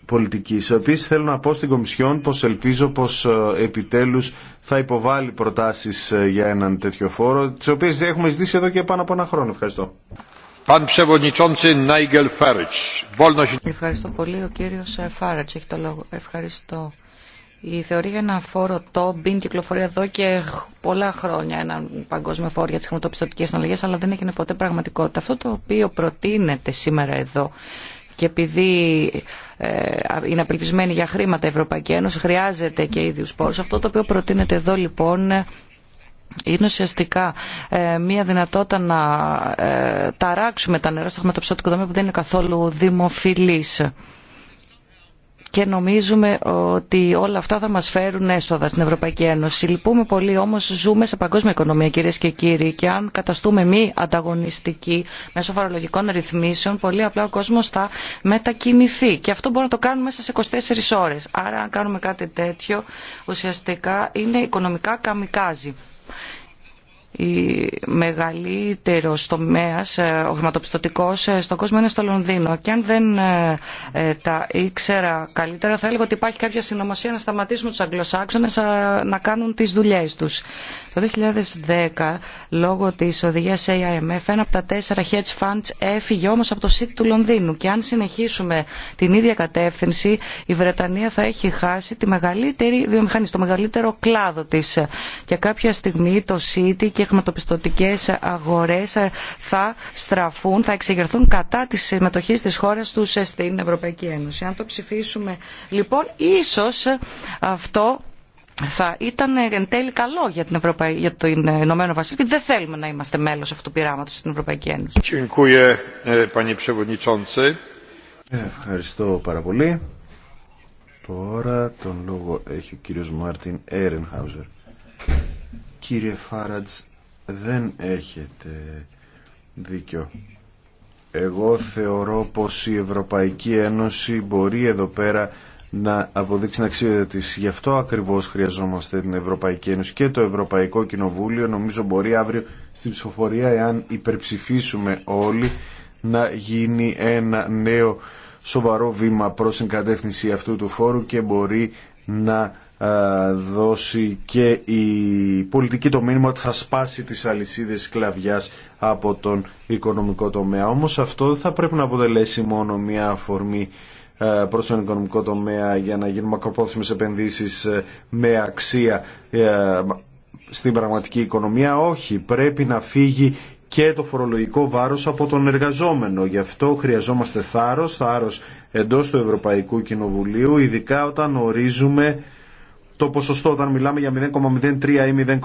πολιτικής. Επίσης θέλω να πω στην Κομισιόν πως ελπίζω πως ε, επιτέλους θα υποβάλει προτάσεις ε, για έναν τέτοιο φόρο, τις οποίες έχουμε ζητήσει εδώ και πάνω από ένα χρόνο. Ευχαριστώ. Ευχαριστώ πολύ. Ο κύριος Φάρατς ε, έχει το λόγο. Ευχαριστώ. Η θεωρία για ένα φόρο Tobin κυκλοφορεί εδώ και πολλά χρόνια έναν παγκόσμιο φόρο για τι χρηματοπιστωτικέ συναλλαγέ, αλλά δεν έγινε ποτέ πραγματικότητα. Αυτό το οποίο προτείνεται σήμερα εδώ και επειδή ε, είναι απελπισμένη για χρήματα η Ευρωπαϊκή Ένωση, χρειάζεται και ίδιους πόρους. Αυτό το οποίο προτείνεται εδώ λοιπόν είναι ουσιαστικά ε, μια δυνατότητα να ε, ταράξουμε τα νερά στο χρηματοπιστωτικό δομή που δεν είναι καθόλου δημοφιλής και νομίζουμε ότι όλα αυτά θα μας φέρουν έσοδα στην Ευρωπαϊκή Ένωση. Λυπούμε πολύ όμως ζούμε σε παγκόσμια οικονομία κυρίες και κύριοι και αν καταστούμε μη ανταγωνιστικοί μέσω φορολογικών ρυθμίσεων πολύ απλά ο κόσμος θα μετακινηθεί και αυτό μπορούμε να το κάνουμε μέσα σε 24 ώρες. Άρα αν κάνουμε κάτι τέτοιο ουσιαστικά είναι οικονομικά καμικάζι η μεγαλύτερο τομέα, ε, ο χρηματοπιστωτικό ε, στον κόσμο είναι στο Λονδίνο. Και αν δεν ε, τα ήξερα καλύτερα, θα έλεγα ότι υπάρχει κάποια συνωμοσία να σταματήσουμε του Αγγλοσάξονε να κάνουν τι δουλειέ του. Το 2010, λόγω τη οδηγία AIMF, ένα από τα τέσσερα hedge funds έφυγε όμω από το ΣΥΤ του Λονδίνου. Και αν συνεχίσουμε την ίδια κατεύθυνση, η Βρετανία θα έχει χάσει τη μεγαλύτερη βιομηχανία, το μεγαλύτερο κλάδο τη. Και κάποια στιγμή το ΣΥΤ χρηματοπιστωτικές αγορές θα στραφούν, θα εξεγερθούν κατά της συμμετοχής της χώρας τους στην Ευρωπαϊκή Ένωση. Αν το ψηφίσουμε λοιπόν, ίσως αυτό θα ήταν εν τέλει καλό για, το Ηνωμένο Βασίλειο γιατί δεν θέλουμε να είμαστε μέλος αυτού του πειράματος στην Ευρωπαϊκή Ένωση. Ε, Ευχαριστώ πάρα πολύ. Τώρα τον λόγο έχει ο κύριος Μάρτιν Έρενχάουζερ. Κύριε Φάρατζ, δεν έχετε δίκιο. Εγώ θεωρώ πως η Ευρωπαϊκή Ένωση μπορεί εδώ πέρα να αποδείξει να αξία της. Γι' αυτό ακριβώς χρειαζόμαστε την Ευρωπαϊκή Ένωση και το Ευρωπαϊκό Κοινοβούλιο. Νομίζω μπορεί αύριο στην ψηφοφορία, εάν υπερψηφίσουμε όλοι, να γίνει ένα νέο σοβαρό βήμα προς την κατεύθυνση αυτού του φόρου και μπορεί να δώσει και η πολιτική το μήνυμα ότι θα σπάσει τις αλυσίδες σκλαβιάς από τον οικονομικό τομέα. Όμως αυτό δεν θα πρέπει να αποτελέσει μόνο μια αφορμή προς τον οικονομικό τομέα για να γίνουν μακροπρόθεσμες επενδύσεις με αξία στην πραγματική οικονομία. Όχι, πρέπει να φύγει και το φορολογικό βάρος από τον εργαζόμενο. Γι' αυτό χρειαζόμαστε θάρρος, θάρρος εντός του Ευρωπαϊκού Κοινοβουλίου, ειδικά όταν ορίζουμε το ποσοστό όταν μιλάμε για 0,03 ή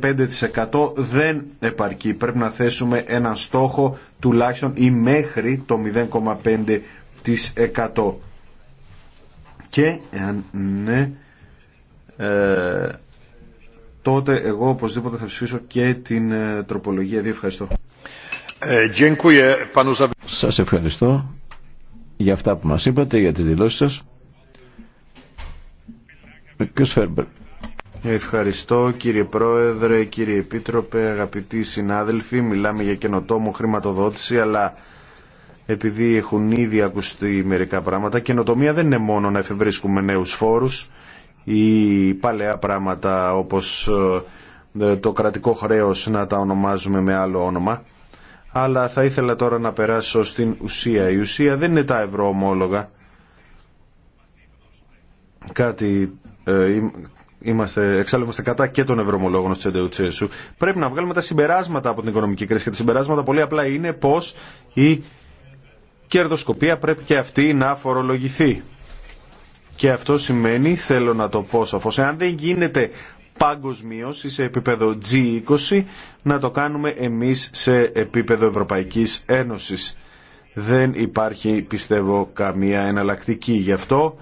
0,05% δεν επαρκεί. Πρέπει να θέσουμε έναν στόχο τουλάχιστον ή μέχρι το 0,5% και αν ναι ε, τότε εγώ οπωσδήποτε θα ψηφίσω και την ε, τροπολογία. Δύο ευχαριστώ. Ε, σας ευχαριστώ για αυτά που μας είπατε, για τις δηλώσεις σας. Ευχαριστώ κύριε Πρόεδρε, κύριε Επίτροπε, αγαπητοί συνάδελφοι. Μιλάμε για καινοτόμο χρηματοδότηση, αλλά επειδή έχουν ήδη ακουστεί μερικά πράγματα, καινοτομία δεν είναι μόνο να εφευρίσκουμε νέους φόρους ή παλαιά πράγματα όπως ε, το κρατικό χρέος να τα ονομάζουμε με άλλο όνομα. Αλλά θα ήθελα τώρα να περάσω στην ουσία. Η ουσία δεν είναι τα ευρωομόλογα. Κάτι ε, είμαστε, εξάλλου κατά και των ευρωμολόγων τη Τσέσου. Πρέπει να βγάλουμε τα συμπεράσματα από την οικονομική κρίση και τα συμπεράσματα πολύ απλά είναι πω η κερδοσκοπία πρέπει και αυτή να φορολογηθεί. Και αυτό σημαίνει, θέλω να το πω σαφώ εάν δεν γίνεται παγκοσμίω ή σε επίπεδο G20, να το κάνουμε εμείς σε επίπεδο Ευρωπαϊκή Ένωση. Δεν υπάρχει, πιστεύω, καμία εναλλακτική. Γι' αυτό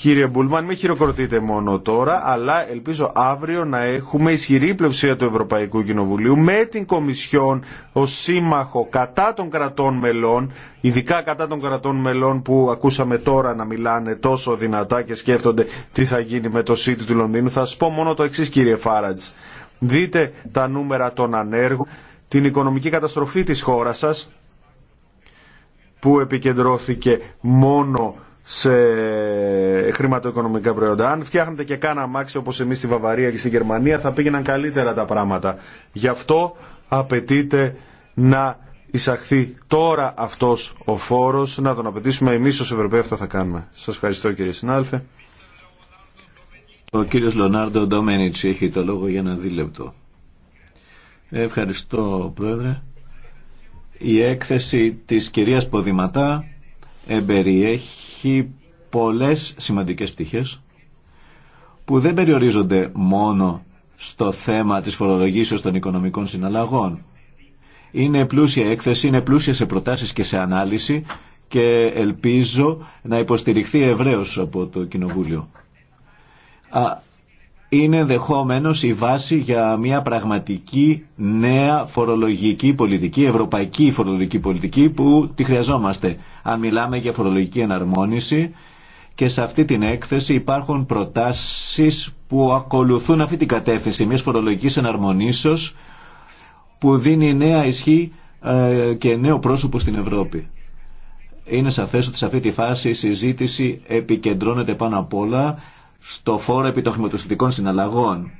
Κύριε Μπούλμαν, μην χειροκροτείτε μόνο τώρα, αλλά ελπίζω αύριο να έχουμε ισχυρή πλευσία του Ευρωπαϊκού Κοινοβουλίου με την Κομισιόν ω σύμμαχο κατά των κρατών μελών, ειδικά κατά των κρατών μελών που ακούσαμε τώρα να μιλάνε τόσο δυνατά και σκέφτονται τι θα γίνει με το City του Λονδίνου. Θα σα πω μόνο το εξή, κύριε Φάρατζ. Δείτε τα νούμερα των ανέργων, την οικονομική καταστροφή της χώρας σας, που επικεντρώθηκε μόνο σε χρηματοοικονομικά προϊόντα. Αν φτιάχνετε και κάνα αμάξι όπως εμείς στη Βαβαρία και στη Γερμανία θα πήγαιναν καλύτερα τα πράγματα. Γι' αυτό απαιτείται να εισαχθεί τώρα αυτός ο φόρος, να τον απαιτήσουμε εμείς ως Ευρωπαίοι αυτό θα κάνουμε. Σας ευχαριστώ κύριε συνάδελφε. Ο κύριος Λονάρντο Ντομένιτς έχει το λόγο για ένα δίλεπτο. Ευχαριστώ πρόεδρε. Η έκθεση της κυρίας Ποδηματά εμπεριέχει έχει πολλές σημαντικές πτυχές που δεν περιορίζονται μόνο στο θέμα της φορολογήσεως των οικονομικών συναλλαγών. Είναι πλούσια έκθεση, είναι πλούσια σε προτάσεις και σε ανάλυση και ελπίζω να υποστηριχθεί ευρέως από το Κοινοβούλιο είναι ενδεχομένω η βάση για μια πραγματική νέα φορολογική πολιτική, ευρωπαϊκή φορολογική πολιτική που τη χρειαζόμαστε. Αν μιλάμε για φορολογική εναρμόνιση και σε αυτή την έκθεση υπάρχουν προτάσεις που ακολουθούν αυτή την κατεύθυνση μιας φορολογικής εναρμονίσεως που δίνει νέα ισχύ ε, και νέο πρόσωπο στην Ευρώπη. Είναι σαφές ότι σε αυτή τη φάση η συζήτηση επικεντρώνεται πάνω απ' όλα στο φόρο επί των χρηματοσυντικών συναλλαγών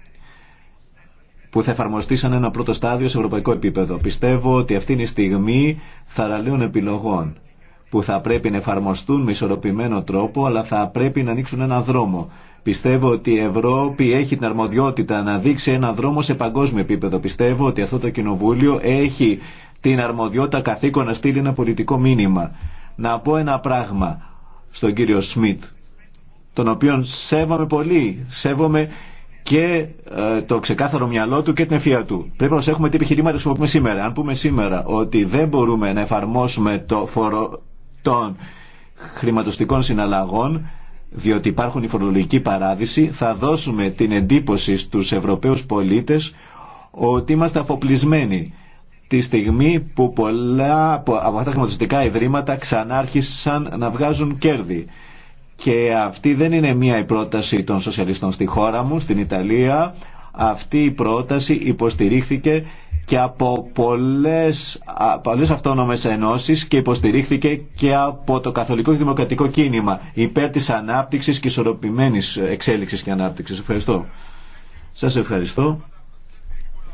που θα εφαρμοστεί σαν ένα πρώτο στάδιο σε ευρωπαϊκό επίπεδο. Πιστεύω ότι αυτή είναι η στιγμή θαραλέων επιλογών που θα πρέπει να εφαρμοστούν με ισορροπημένο τρόπο, αλλά θα πρέπει να ανοίξουν ένα δρόμο. Πιστεύω ότι η Ευρώπη έχει την αρμοδιότητα να δείξει ένα δρόμο σε παγκόσμιο επίπεδο. Πιστεύω ότι αυτό το Κοινοβούλιο έχει την αρμοδιότητα καθήκον να στείλει ένα πολιτικό μήνυμα. Να πω ένα πράγμα στον κύριο Σμιτ τον οποίον σέβομαι πολύ. Σέβομαι και ε, το ξεκάθαρο μυαλό του και την ευφία του. Πρέπει να προσέχουμε τι επιχειρήματα χρησιμοποιούμε σήμερα. Αν πούμε σήμερα ότι δεν μπορούμε να εφαρμόσουμε το φορο των χρηματοστικών συναλλαγών, διότι υπάρχουν οι φορολογικοί παράδεισοι, θα δώσουμε την εντύπωση στους Ευρωπαίους πολίτες ότι είμαστε αφοπλισμένοι τη στιγμή που πολλά από αυτά τα χρηματοστικά ιδρύματα ξανάρχισαν να βγάζουν κέρδη. Και αυτή δεν είναι μία η πρόταση των σοσιαλιστών στη χώρα μου, στην Ιταλία. Αυτή η πρόταση υποστηρίχθηκε και από πολλές, πολλές αυτόνομες ενώσεις και υποστηρίχθηκε και από το καθολικό και δημοκρατικό κίνημα υπέρ της ανάπτυξης και ισορροπημένης εξέλιξης και ανάπτυξης. Ευχαριστώ. Σας ευχαριστώ.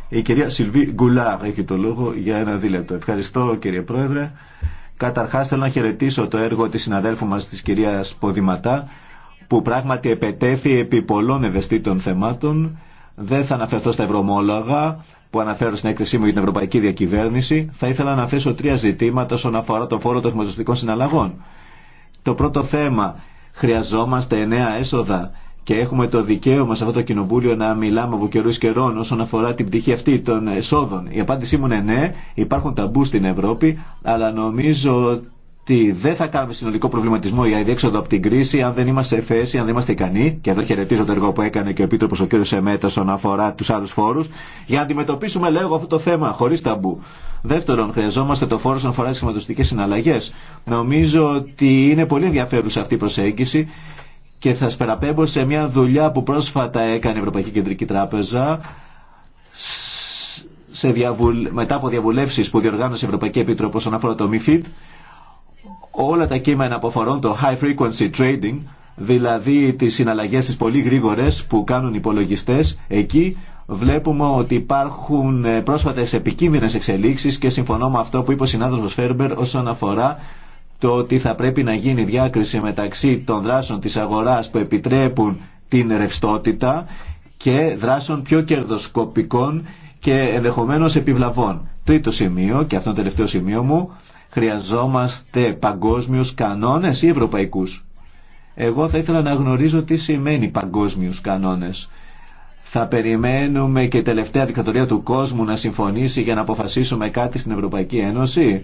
Η κυρία Σιλβί Γκουλάρ έχει το λόγο για ένα δίλεπτο. Ευχαριστώ κύριε Πρόεδρε. Καταρχά θέλω να χαιρετήσω το έργο της συναδέλφου μας της κυρίας Ποδηματά που πράγματι επετέθη επί πολλών ευαισθητών θεμάτων. Δεν θα αναφερθώ στα ευρωμόλογα που αναφέρω στην έκθεσή μου για την Ευρωπαϊκή Διακυβέρνηση. Θα ήθελα να θέσω τρία ζητήματα όσον αφορά το φόρο των χρηματοδοτικών συναλλαγών. Το πρώτο θέμα, χρειαζόμαστε νέα έσοδα και έχουμε το δικαίωμα σε αυτό το κοινοβούλιο να μιλάμε από καιρού καιρών όσον αφορά την πτυχή αυτή των εσόδων. Η απάντησή μου είναι ναι, υπάρχουν ταμπού στην Ευρώπη, αλλά νομίζω ότι δεν θα κάνουμε συνολικό προβληματισμό για διέξοδο από την κρίση αν δεν είμαστε σε αν δεν είμαστε ικανοί, και εδώ χαιρετίζω το έργο που έκανε και ο Επίτροπο ο κ. Σεμέτα όσον αφορά του άλλου φόρου, για να αντιμετωπίσουμε, λέγω, αυτό το θέμα χωρί ταμπού. Δεύτερον, χρειαζόμαστε το φόρο όσον αφορά τι χρηματοστικέ συναλλαγέ. Νομίζω ότι είναι πολύ ενδιαφέρουσα αυτή η προσέγγιση και θα σπεραπέμπω σε μια δουλειά που πρόσφατα έκανε η Ευρωπαϊκή Κεντρική Τράπεζα σε διαβουλ... μετά από διαβουλεύσεις που διοργάνωσε η Ευρωπαϊκή Επίτροπη όσον αφορά το MIFID όλα τα κείμενα που αφορούν το high frequency trading δηλαδή τις συναλλαγές τις πολύ γρήγορες που κάνουν οι υπολογιστές εκεί βλέπουμε ότι υπάρχουν ε, πρόσφατες επικίνδυνες εξελίξεις και συμφωνώ με αυτό που είπε ο συνάδελφος Φέρμπερ όσον αφορά το ότι θα πρέπει να γίνει διάκριση μεταξύ των δράσεων της αγοράς που επιτρέπουν την ρευστότητα και δράσεων πιο κερδοσκοπικών και ενδεχομένως επιβλαβών. Τρίτο σημείο, και αυτό το τελευταίο σημείο μου, χρειαζόμαστε παγκόσμιους κανόνες ή ευρωπαϊκούς. Εγώ θα ήθελα να γνωρίζω τι σημαίνει παγκόσμιους κανόνες. Θα περιμένουμε και τελευταία δικτατορία του κόσμου να συμφωνήσει για να αποφασίσουμε κάτι στην Ευρωπαϊκή Ένωση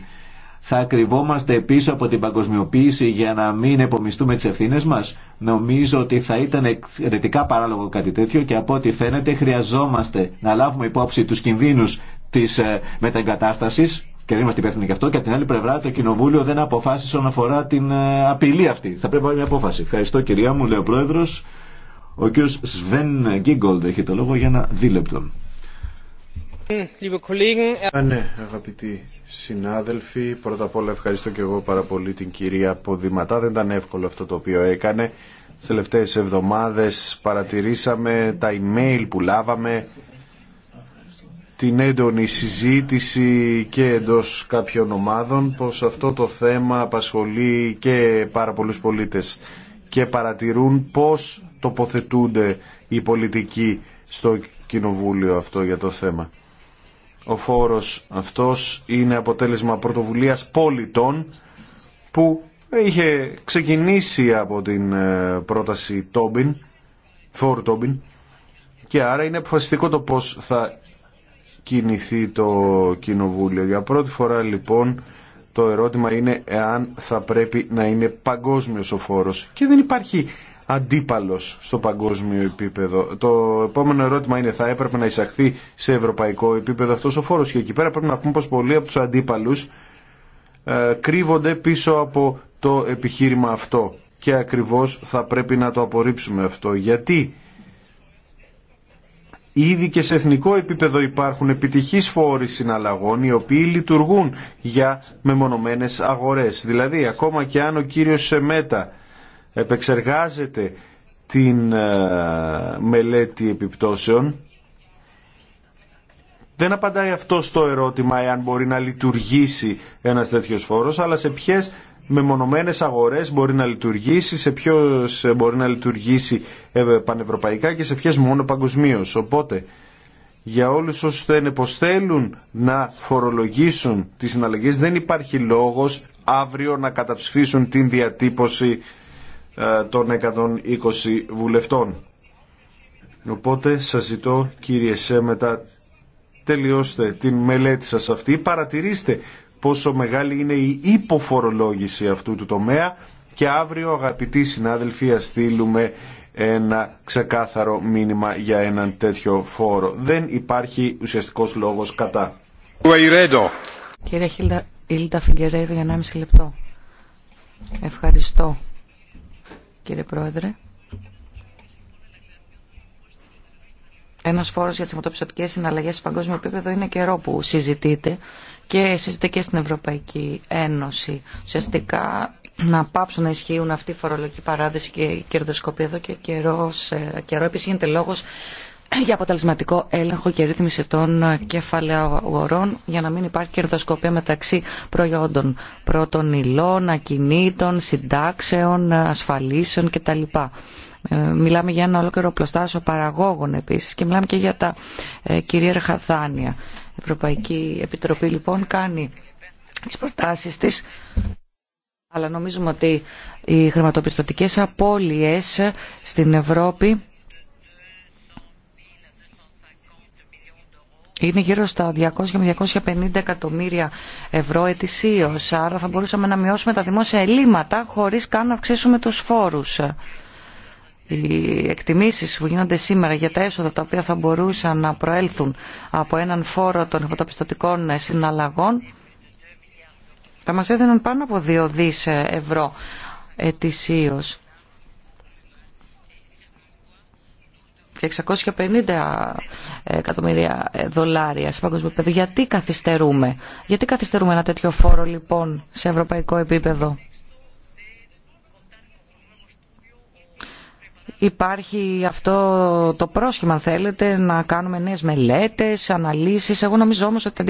θα κρυβόμαστε πίσω από την παγκοσμιοποίηση για να μην επομιστούμε τις ευθύνες μας. Νομίζω ότι θα ήταν εξαιρετικά παράλογο κάτι τέτοιο και από ό,τι φαίνεται χρειαζόμαστε να λάβουμε υπόψη τους κινδύνους της ε, μεταγκατάστασης και δεν είμαστε υπεύθυνοι γι' αυτό. Και από την άλλη πλευρά το Κοινοβούλιο δεν αποφάσισε όσον αφορά την ε, απειλή αυτή. Θα πρέπει να μια απόφαση. Ευχαριστώ κυρία μου, λέει ο Πρόεδρος. Ο κύριος Σβέν Γκίγκολντ έχει το λόγο για ένα δίλεπτο. Er- ναι, αγαπητοί συνάδελφοι, πρώτα απ' όλα ευχαριστώ και εγώ πάρα πολύ την κυρία Ποδηματά. Δεν ήταν εύκολο αυτό το οποίο έκανε. Τις τελευταίε εβδομάδες παρατηρήσαμε τα email που λάβαμε, την έντονη συζήτηση και εντό κάποιων ομάδων, πως αυτό το θέμα απασχολεί και πάρα πολλού πολίτε και παρατηρούν πώς τοποθετούνται οι πολιτικοί στο κοινοβούλιο αυτό για το θέμα. Ο φόρος αυτός είναι αποτέλεσμα πρωτοβουλίας πολιτών που είχε ξεκινήσει από την ε, πρόταση Τόμπιν, φόρου Τόμπιν και άρα είναι αποφασιστικό το πώς θα κινηθεί το Κοινοβούλιο. Για πρώτη φορά λοιπόν το ερώτημα είναι εάν θα πρέπει να είναι παγκόσμιος ο φόρος και δεν υπάρχει αντίπαλος στο παγκόσμιο επίπεδο. Το επόμενο ερώτημα είναι θα έπρεπε να εισαχθεί σε ευρωπαϊκό επίπεδο αυτός ο φόρος και εκεί πέρα πρέπει να πούμε πως πολλοί από τους αντίπαλους ε, κρύβονται πίσω από το επιχείρημα αυτό και ακριβώς θα πρέπει να το απορρίψουμε αυτό. Γιατί Ήδη και σε εθνικό επίπεδο υπάρχουν επιτυχείς φόροι συναλλαγών οι οποίοι λειτουργούν για μεμονωμένες αγορές. Δηλαδή ακόμα και αν ο κύριος Σεμέτα επεξεργάζεται την ε, μελέτη επιπτώσεων δεν απαντάει αυτό στο ερώτημα εάν μπορεί να λειτουργήσει ένας τέτοιος φόρος, αλλά σε ποιες μεμονωμένες αγορές μπορεί να λειτουργήσει, σε ποιος ε, μπορεί να λειτουργήσει ε, πανευρωπαϊκά και σε ποιες μόνο παγκοσμίω. Οπότε, για όλους όσους θέλουν, θέλουν να φορολογήσουν τις συναλλαγές, δεν υπάρχει λόγος αύριο να καταψηφίσουν την διατύπωση ε, των 120 βουλευτών. Οπότε σας ζητώ κύριε Σέμετα τελειώστε την μελέτη σας αυτή, παρατηρήστε πόσο μεγάλη είναι η υποφορολόγηση αυτού του τομέα και αύριο αγαπητοί συνάδελφοι ας στείλουμε ένα ξεκάθαρο μήνυμα για έναν τέτοιο φόρο. Δεν υπάρχει ουσιαστικός λόγος κατά. Κύριε Χίλτα Φιγκερέδη για 1,5 λεπτό. Ευχαριστώ κύριε Πρόεδρε. Ένας φόρος για τις χρηματοπιστωτικές συναλλαγές σε παγκόσμιο επίπεδο είναι καιρό που συζητείται και συζητείται και στην Ευρωπαϊκή Ένωση. Ουσιαστικά να πάψουν να ισχύουν αυτή η φορολογική παράδειση και η κερδοσκοπία εδώ και ε, καιρό, καιρό. γίνεται λόγος για αποτελεσματικό έλεγχο και ρύθμιση των κεφαλαίων αγορών για να μην υπάρχει κερδοσκοπία μεταξύ προϊόντων πρώτων υλών, ακινήτων, συντάξεων, ασφαλίσεων κτλ. Ε, μιλάμε για ένα ολόκληρο πλωστάσιο παραγόγων επίσης και μιλάμε και για τα ε, κυρίαρχα δάνεια. Η Ευρωπαϊκή Επιτροπή λοιπόν κάνει τις προτάσεις της αλλά νομίζουμε ότι οι χρηματοπιστωτικές απώλειες στην Ευρώπη είναι γύρω στα 200 με 250 εκατομμύρια ευρώ ετησίως. Άρα θα μπορούσαμε να μειώσουμε τα δημόσια ελλείμματα χωρίς καν να αυξήσουμε τους φόρους. Οι εκτιμήσεις που γίνονται σήμερα για τα έσοδα τα οποία θα μπορούσαν να προέλθουν από έναν φόρο των χρηματοπιστωτικών συναλλαγών θα μας έδιναν πάνω από 2 δις ευρώ ετησίως. και 650 ε, εκατομμύρια ε, δολάρια σε παγκόσμιο επίπεδο. Γιατί καθυστερούμε, γιατί καθυστερούμε ένα τέτοιο φόρο λοιπόν σε ευρωπαϊκό επίπεδο. Υπάρχει αυτό το πρόσχημα, θέλετε, να κάνουμε νέες μελέτες, αναλύσεις. Εγώ νομίζω όμως ότι